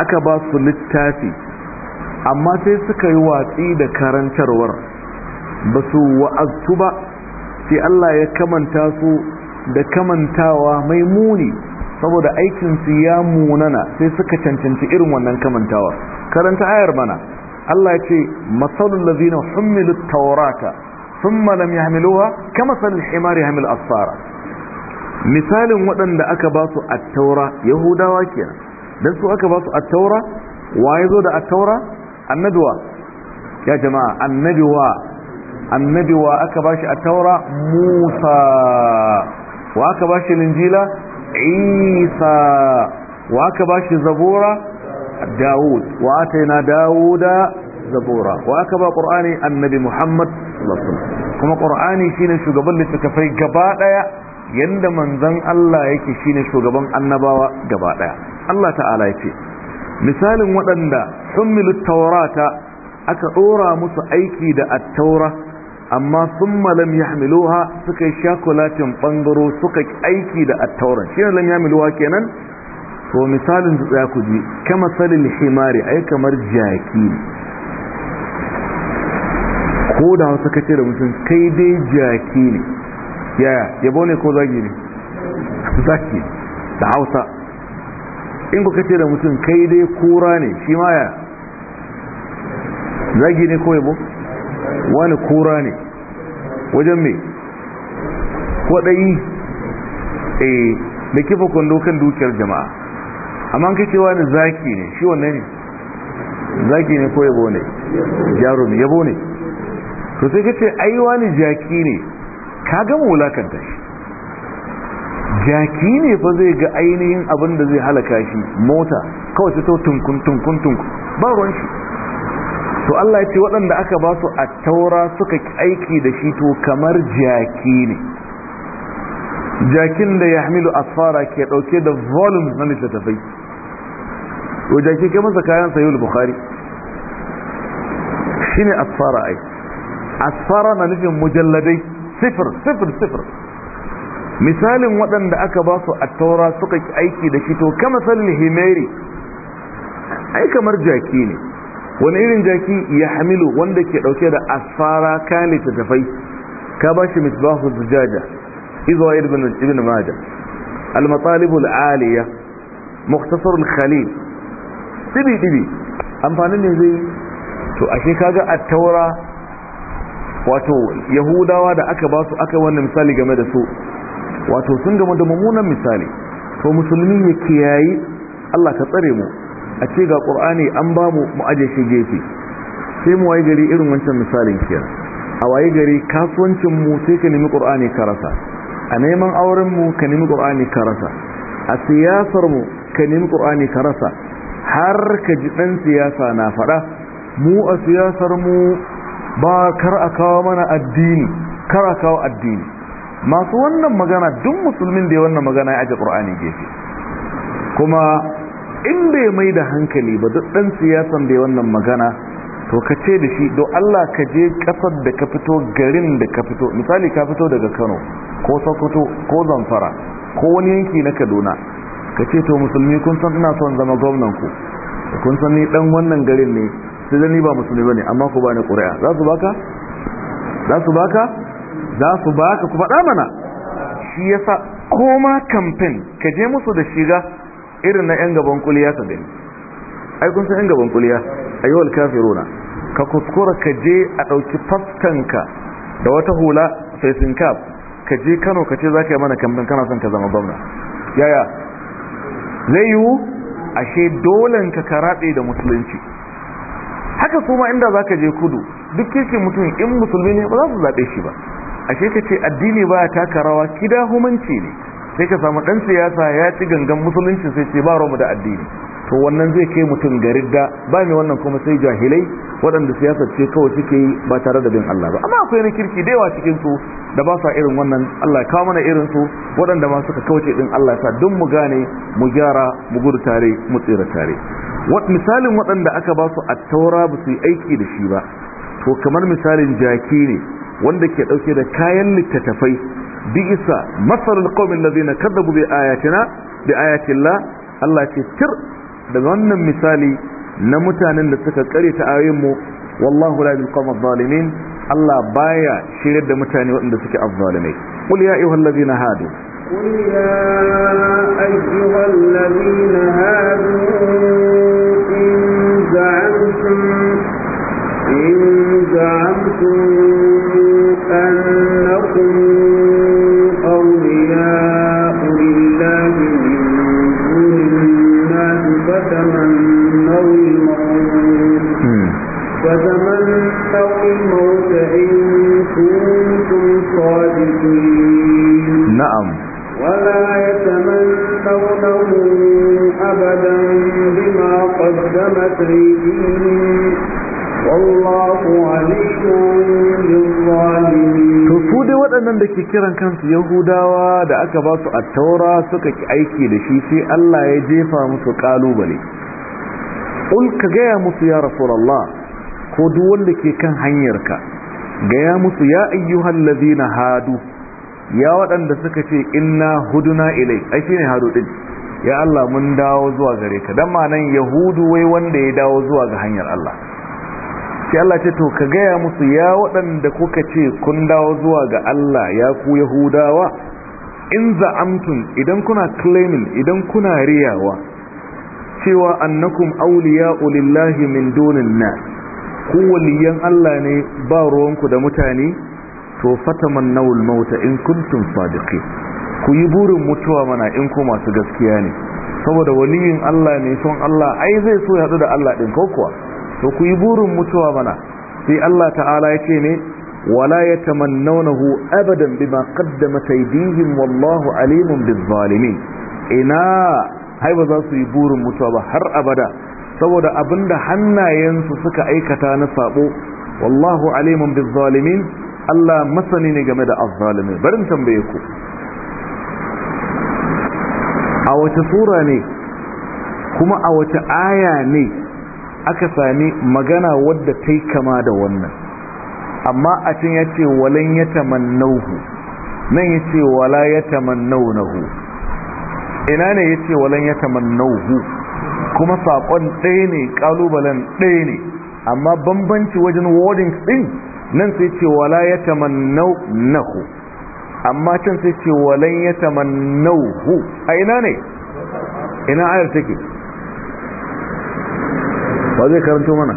aka ba su littafi amma sai suka yi watsi da karantarwar ba su wa'aztu ba sai Allah ya kamanta su da kamantawa mai muni saboda aikinsu ya munana sai suka cancanci irin wannan kamantawa karanta ayar mana Allah ya ce masalul ladzina humilu tawrata thumma lam yahmiluha kama salil himar yahmil asfara misalin waɗanda aka ba su a taura yahudawa kenan dan su aka ba su at-taura ya zo da at-taura annabiwa ya jama'a annabiwa annabiwa aka ba shi at-taura Musa wa aka ba shi linjila Isa wa aka ba shi zabura Dawud wa ataina Dawuda zabura wa aka ba Qur'ani annabi Muhammad sallallahu alaihi wasallam kuma Qur'ani shine shugaban littattafai gaba daya yanda manzon Allah yake shine shugaban annabawa gaba daya Allah ta'ala ya ce misalin waɗanda hummilu taurata aka ɗora musu aiki da attaura amma sun malam ya hamiluwa suka yi shakulatin ɓangaro suka aiki da attauran shi lam ya hamiluwa kenan ko misalin da tsaya ku ji kama salin himari ai kamar jaki ko da hausa ka ce da mutum kai dai jaki ne yaya yabo ne ko zagi ne zaki da hausa in kuka ce da mutum kai dai kura ne shi ma ya zagi ne kawai bu wani kura ne wajen mai kwaɗayi eh da kifa kwando kan dukiyar jama'a amma kai ce wani zaki ne shi wannan ne zaki ne ko yabo ne ne yabo ne to sai kace ai wani jaki ne ka gama wulakanta shi jaki ne fa zai ga ainihin abin da zai halaka shi mota kawai sai to tunkun tunkun tunkun ba ruwan shi to Allah ya ce waɗanda aka ba su a taura suka aiki da shi to kamar jaki ne jakin da ya hamilu asfara ke ɗauke da volume na littattafai to jaki ke masa kayan sayi bukhari shine asfara ai asfara na nufin mujalladai sifir sifir sifir misalin waɗanda aka ba su taura suka aiki da shi to kama salli himeri ai kamar jaki ne wani irin jaki ya hamilu wanda ke ɗauke da asfara kane ta tafai ka ba shi misbahu zujaja izuwa ibn majah al-matalib al-aliya mukhtasar al-khalil dibi dibi amfanin ne zai to ashe kaga taura, wato yahudawa da aka ba su aka wannan misali game da su wato sun gama da mummunan misali to musulmi ya kiyayi Allah ka tsare mu a ce ga qur'ani an ba mu mu aje shi gefe sai mu waye gari irin wancan misalin kiyar a waye gari kasuwancin mu sai ka nemi qur'ani ka rasa a neman auren mu ka nemi qur'ani ka rasa a siyasar mu ka nemi qur'ani ka rasa har ka ji dan siyasa na faɗa mu a siyasar mu ba kar a kawo mana addini kar a kawo addini masu wannan magana duk musulmin da ya wannan magana ya aje qur'ani gefe kuma in bai mai da hankali ba duk dan siyasan da ya wannan magana to ka ce da shi don Allah ka je kasar da ka fito garin da ka fito misali ka fito daga Kano ko Sokoto ko Zamfara ko wani yanki na Kaduna ka ce to musulmi kun san ina son zama gwamnan ku kun san ni dan wannan garin ne sai ni ba musulmi bane amma ku bani ƙuri'a za su baka za su baka za su baka ku faɗa mana shi sa koma kamfen ka je musu da shiga irin na 'yan gaban kuliya ka gani ai kun 'yan gaban kuliya ayyuhal rona. ka kuskura ka je a ɗauki faskanka da wata hula facing cap ka je kano ka ce za ka yi mana kamfen kana son ka zama gwamna yaya zai yiwu ashe dolen ka karaɗe da musulunci haka kuma inda za ka je kudu duk kirkin mutum in musulmi ne ba za su zaɓe shi ba ashe ka ce addini ba taka rawa kida humanci ne sai ka samu dan siyasa ya ci gangan musulunci sai ce ba mu da addini to wannan zai kai mutum garin da ba ne wannan kuma sai jahilai waɗanda siyasar ce kawai suke yi ba tare da bin Allah ba amma akwai na kirki da yawa cikin su da ba sa irin wannan Allah ya kawo mana irin su waɗanda ma suka kauce din Allah ya sa duk mu gane mu gyara mu gudu tare mu tsira tare wat misalin waɗanda aka ba su at-taura ba su yi aiki da shi ba to kamar misalin jaki ne wanda ke dauke da kayan littattafai bisa masarar qaumin ladina kadzabu bi ayatina bi ayati Allah Allah ce tir daga wannan misali na mutanen da suka kare ta ayoyin mu wallahu la yulqam adh Allah baya shiryar da mutane waɗanda suke azzalimai qul ya ayyuhal ladina hadu قل يا أيها الذين هادوا إن زعمتم إن زعمتم مكرهم dai waɗannan da ke kiran kansu yahudawa da aka ba su attaura suka ki aiki da shi sai Allah ya jefa musu kalubale ul ka gaya musu ya rasulullah ko duk wanda ke kan hanyarka gaya musu ya ayyuhal ladina hadu ya waɗanda suka ce inna huduna ilai ai shine hadu din ya Allah mun dawo zuwa gare ka dan ma'anan yahudu wai wanda ya dawo zuwa ga hanyar Allah sai Allah ce to ka gaya musu ya waɗanda kuka ce kun dawo zuwa ga Allah ya ku yahudawa in za'amtum idan kuna claiming idan kuna riyawa cewa annakum awliya'u lillahi min dunin nas ku waliyan Allah ne ba ruwanku da mutane to fatamannawul mauta in kuntum sadiqin ku yi burin mutuwa mana in ko masu gaskiya ne saboda waliyin Allah ne son Allah ai zai so ya da Allah din ko kuwa to ku yi burin mutuwa mana sai Allah ta'ala ya ce ne wala yatamannawnahu abadan bima qaddamat aydihim wallahu alimun bizzalimin ina hai ba za su yi burin mutuwa ba har abada saboda abinda hannayensu suka aikata na sabo wallahu alimun bizzalimin Allah masani ne game da azzalimi barin tambaye ku a wace sura ne kuma a wace aya ne aka sami magana wadda ta kama da wannan amma a cin ya ce walan ya tamannauhu nan ya ce wala ya tamannaunahu ina ne ya ce walan ya tamannauhu kuma saƙon ɗaya ne ƙalubalen ɗaya ne amma bambanci wajen wadin ɗin nan sai ce wala ya tamannahu amma can sai ce walan ya tamannahu a ina ne ina ayar take ba zai karanto mana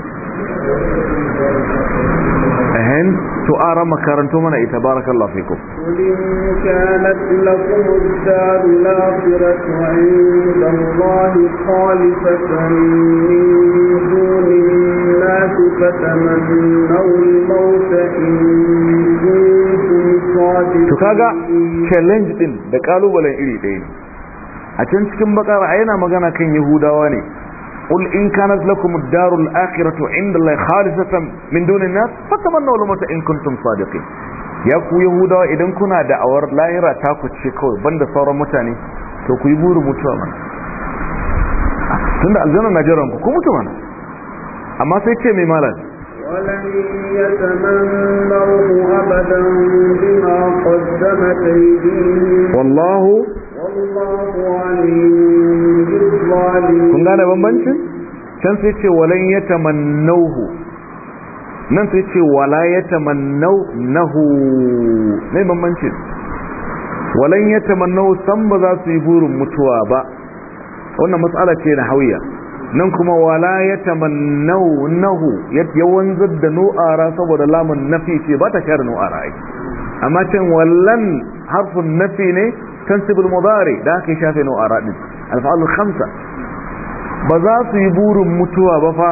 أهن تؤرى مكارنتم من أي تبارك الله فيكم قل كانت لكم الدار الآخرة عند الله خالصة من دون الناس فتمنوا الموت إن كنتم to kaga challenge din da kalubalen iri ɗaya ne a can cikin bakara a yana magana kan yahudawa ne ul in kanat lakum ad-darul akhiratu inda allahi khalisatan min dunin nas fatamannu al-mauta in kuntum sadiqin ya ku yahudawa idan kuna da awar lahira ta ku ce kawai banda sauran mutane to ku yi mutuwa mana tunda aljanna na jiran ku ku mutu mana amma sai ce mai malam ولن يتمنوه أبدا بما قدمت أيديهم والله والله عليم بالظالمين kun gane bambancin can sai ce walan ya yatamannauhu nan sai ce wala ya yatamannau nahu ne bambancin walan yatamannau san ba za su yi burin mutuwa ba wannan matsala ce na hauya nan kuma wala ya tamannau nahu ya da nu'ara saboda lamun nafi ce ba ta kyar nu'ara ai amma can wallan harfin nafi ne sibir mudari da aka shafe nu'ara din alfa'alul khamsa ba za su yi burin mutuwa ba fa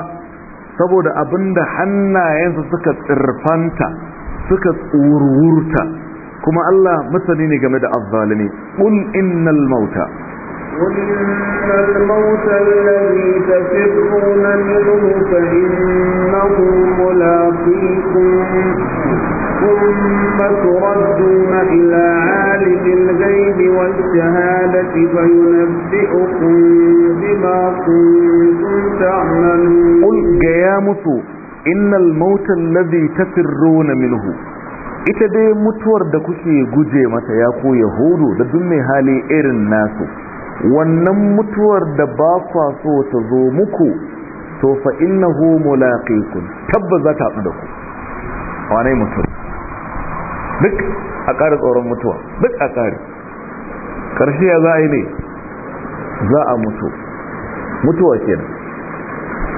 saboda abinda hannayensu suka tsirfanta suka tsururta kuma Allah masani ne game da azzalimi qul innal mauta وإن الموت الذي تفرون منه فإنه ملاقيكم ثم إلى عالم الغيب فينبئكم بما كنتم تعملون قل إن الموت الذي تفرون منه ita dai mutuwar da kuke guje mata ya ko yahudu da mai hali irin nasu wannan mutuwar da ba kwa so ta zo muku to fa innahu mulaqikum tabba za ta da ku wane mutum duk a ƙara tsoron mutuwa duk a ƙari ƙarshe ya za a yi ne za a mutu mutuwa kenan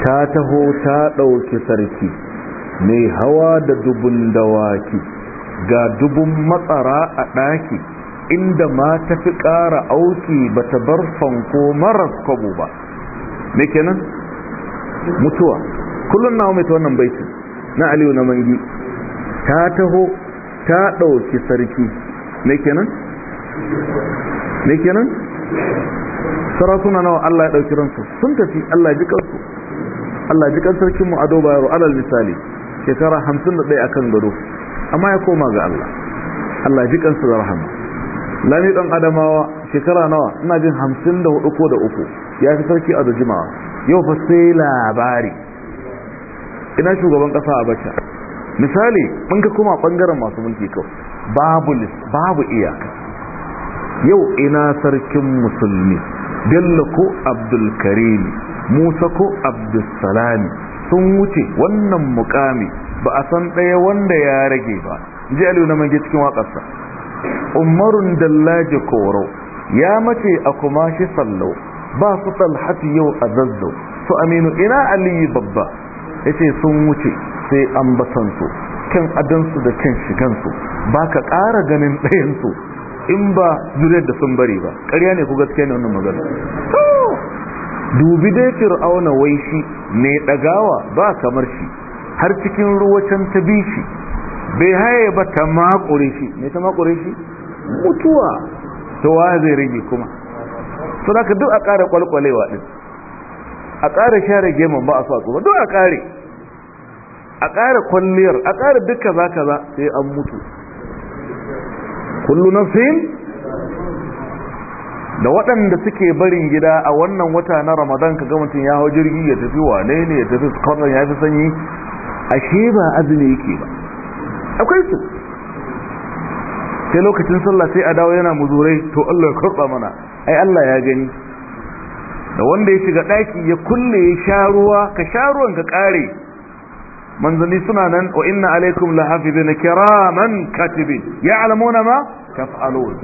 ta taho ta ɗauki sarki mai hawa da dubun dawaki ga dubun matsara a ɗaki inda ma ta fi ƙara auki ba ta bar fanko mara kwabo ba me kenan mutuwa kullum na umarta wannan baiti na aliyu na mangi ta taho ta ɗauki sarki me kenan me kenan sarakuna nawa Allah ya ɗauki ransu sun tafi Allah ya ji kansu Allah ya ji kan sarkinmu ado bayaro alal misali shekara 51 akan gado amma ya koma ga Allah Allah ya ji kansu da rahama lami dan adamawa shekara nawa ina jin hamsin da hudu ko da uku ya fi sarki a jimawa yau fa sai labari ina shugaban kasa a bacha misali mun ka kuma bangaren masu mulki kau babu babu iyaka yau ina sarkin musulmi bello ko abdulkarimi musa ko abdulsalami sun wuce wannan mukami ba a san ɗaya wanda ya rage ba ji aliyu na mange cikin waƙarsa umarun dallaji koro ya mace a kuma shi sallau ba su talhati yau a zazzau su aminu ina aliyu babba ya ce sun wuce sai an basansu kyan adansu da kyan shigansu ba ka ƙara ganin ɗayansu in ba zuriyar da sun bari ba karya ne ku gaske ne wannan magana dubi dai fir'auna wai shi ne ɗagawa ba kamar shi har cikin ruwa can ta bi shi bai haye ba ta makure shi ne ta makure shi mutuwa to wa zai rage kuma to da duk a ƙara kwalkwalewa din a ƙara share geman ba a sa tsoba duk a ƙare a ƙara kwalliyar a ƙara duka za ka za sai an mutu kullu nafsin da waɗanda suke barin gida a wannan wata na ramadan ka ga mutum ya hau jirgi ya tafi wane ne ya tafi scotland ya fi sanyi ashe ba azumi yake ba akwai su sai lokacin sallah sai a dawo yana muzurai to Allah ya karɓa mana ai Allah ya gani da wanda ya shiga daki ya kulle ya sha ruwa ka sha ruwan ka kare manzani suna nan wa inna alaikum lahafizina kiraman katibin ya'lamuna ma taf'alun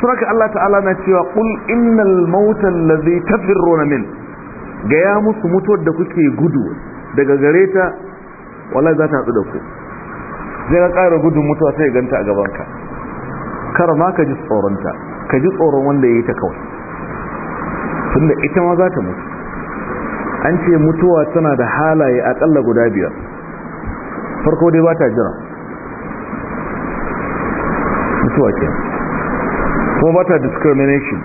suraka Allah ta'ala na cewa qul innal mauta allazi tafirruna min ga musu mutuwar da kuke gudu daga gareta wallahi za ta hadu da ku zai ga ƙara gudun mutuwa sai ganta a gabanka kar ma ka ji tsoronta ka ji tsoron wanda ya yi ta kawai tunda ita ma za ta mutu an ce mutuwa tana da halaye aƙalla guda biyar farko dai ba ta jira mutuwa ke kuma ba ta discrimination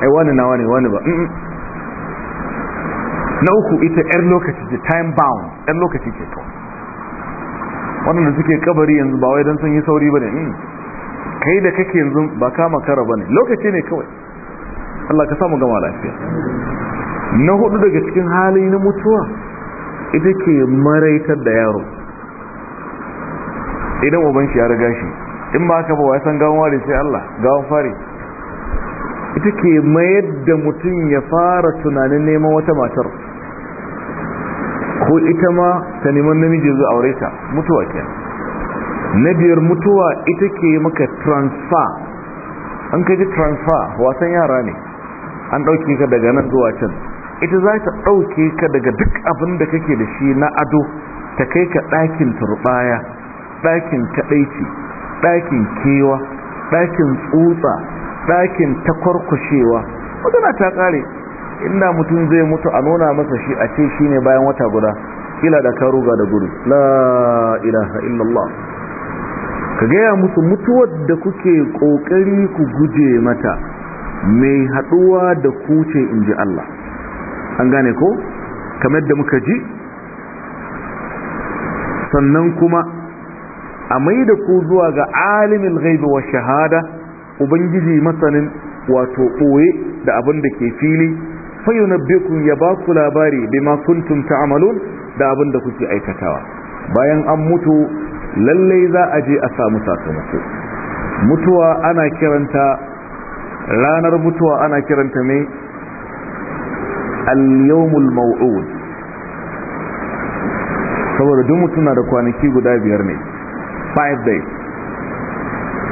ai wani na wani wani ba na uku ita 'yar lokaci the time bound 'yar lokaci ke kawai waɗanda suke kabari yanzu ba wai don sun yi sauri ba ne hmm. kai da kake yanzu ba kama kara ba lokaci ne kawai Allah ka samu gama lafiya na hudu daga cikin hali na mutuwa ita ke maraitar da yaro idan uban shi ya riga shi in ba haka ba wa san gawan wari sai Allah gawan fari ita ke mayar da mutum ya fara tunanin neman wata matar ko ita ma ta neman namiji zuwa aure ta mutuwa ke na biyar mutuwa ita ke maka transfer an kaji transfer wasan yara ne an ɗauki ka daga nan zuwa can ita za ta ɗauke ka daga duk abin da kake da shi na ado ta kai ka ɗakin turbaya ɗakin kaɗaici ɗakin kewa ɗakin tsutsa ɗakin takwarkushewa wadana ta ƙare inda mutum zai mutu a nuna masa shi a ce shi ne bayan wata guda kila da karuga da gudu la ilaha illallah ka gaya musu mutuwar da kuke kokari ku guje mata mai haduwa da kuce in ji Allah an gane ko kamar da muka ji sannan kuma a mai da ku zuwa ga alimin ghaibi wa shahada ubangiji masanin wato ɓoye da abin da ke fili fayunabbikum ya ba ku labari bima kuntum ta'malun da abin da kuke aikatawa bayan an mutu lallai za a je a samu sakamako mutuwa ana kiranta ranar mutuwa ana kiranta ne al-yawmul maw'ud saboda duk mutuna da kwanaki guda biyar ne five days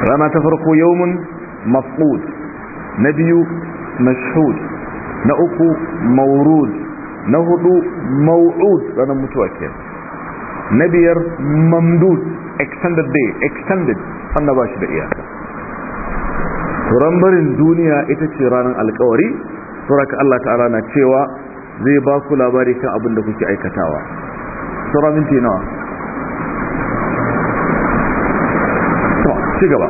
rana ta farko yawmun maf'ud na biyu mashhud na uku maurud na hudu mau'ud ranar mutuwa ke na biyar mamdud extended day extended sannan ba shi da iyaka barin duniya ita ce ranar alkawari suraka Allah ta'ala na cewa zai ba ku labari kan abin da kuke aikatawa sura minti nawa ci gaba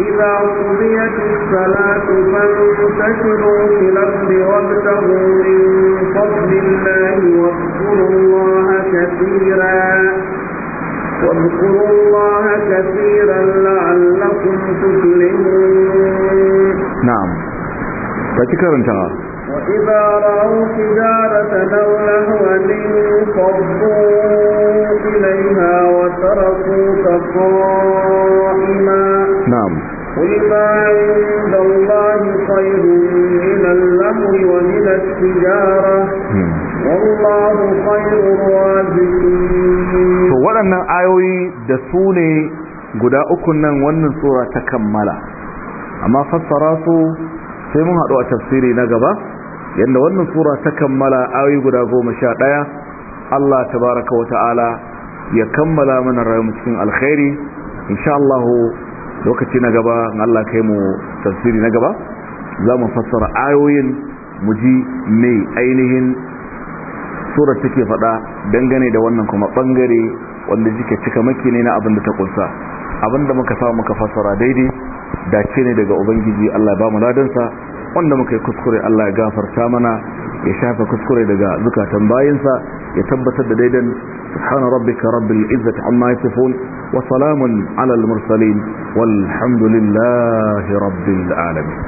إذا قضيت الصلاة فانتشروا في الأرض وابتغوا من فضل الله واذكروا الله كثيرا واذكروا الله كثيرا لعلكم تفلحون نعم فتكر انتهى وإذا رأوا تجارة أو لهوا انفضوا إليها وتركوك قائما نعم to waɗannan ayoyi da su ne guda ukun nan wannan tsura ta kammala amma fassara su sai mun haɗu a tafsiri na gaba yadda wannan tsura ta kammala ayoyi guda goma sha ɗaya Allah tabaraka wa ta'ala ya kammala mana rayuwa cikin alkhairi insha Allah lokaci na gaba Allah kai mu tafsiri na gaba za mu fassara ayoyin mu ji mai ainihin surar take faɗa dangane da wannan kuma ɓangare wanda jike cika maki ne na abin da ta kunsa abin da muka samu muka fassara daidai dace ne daga ubangiji Allah ba mu ladansa wanda muka yi kuskure Allah ya gafarta mana ya shafa kuskure daga zukatan bayinsa ya tabbatar da daidan subhana rabbika rabbil izzati amma yasifun wa salamun ala al mursalin walhamdulillahi rabbil alamin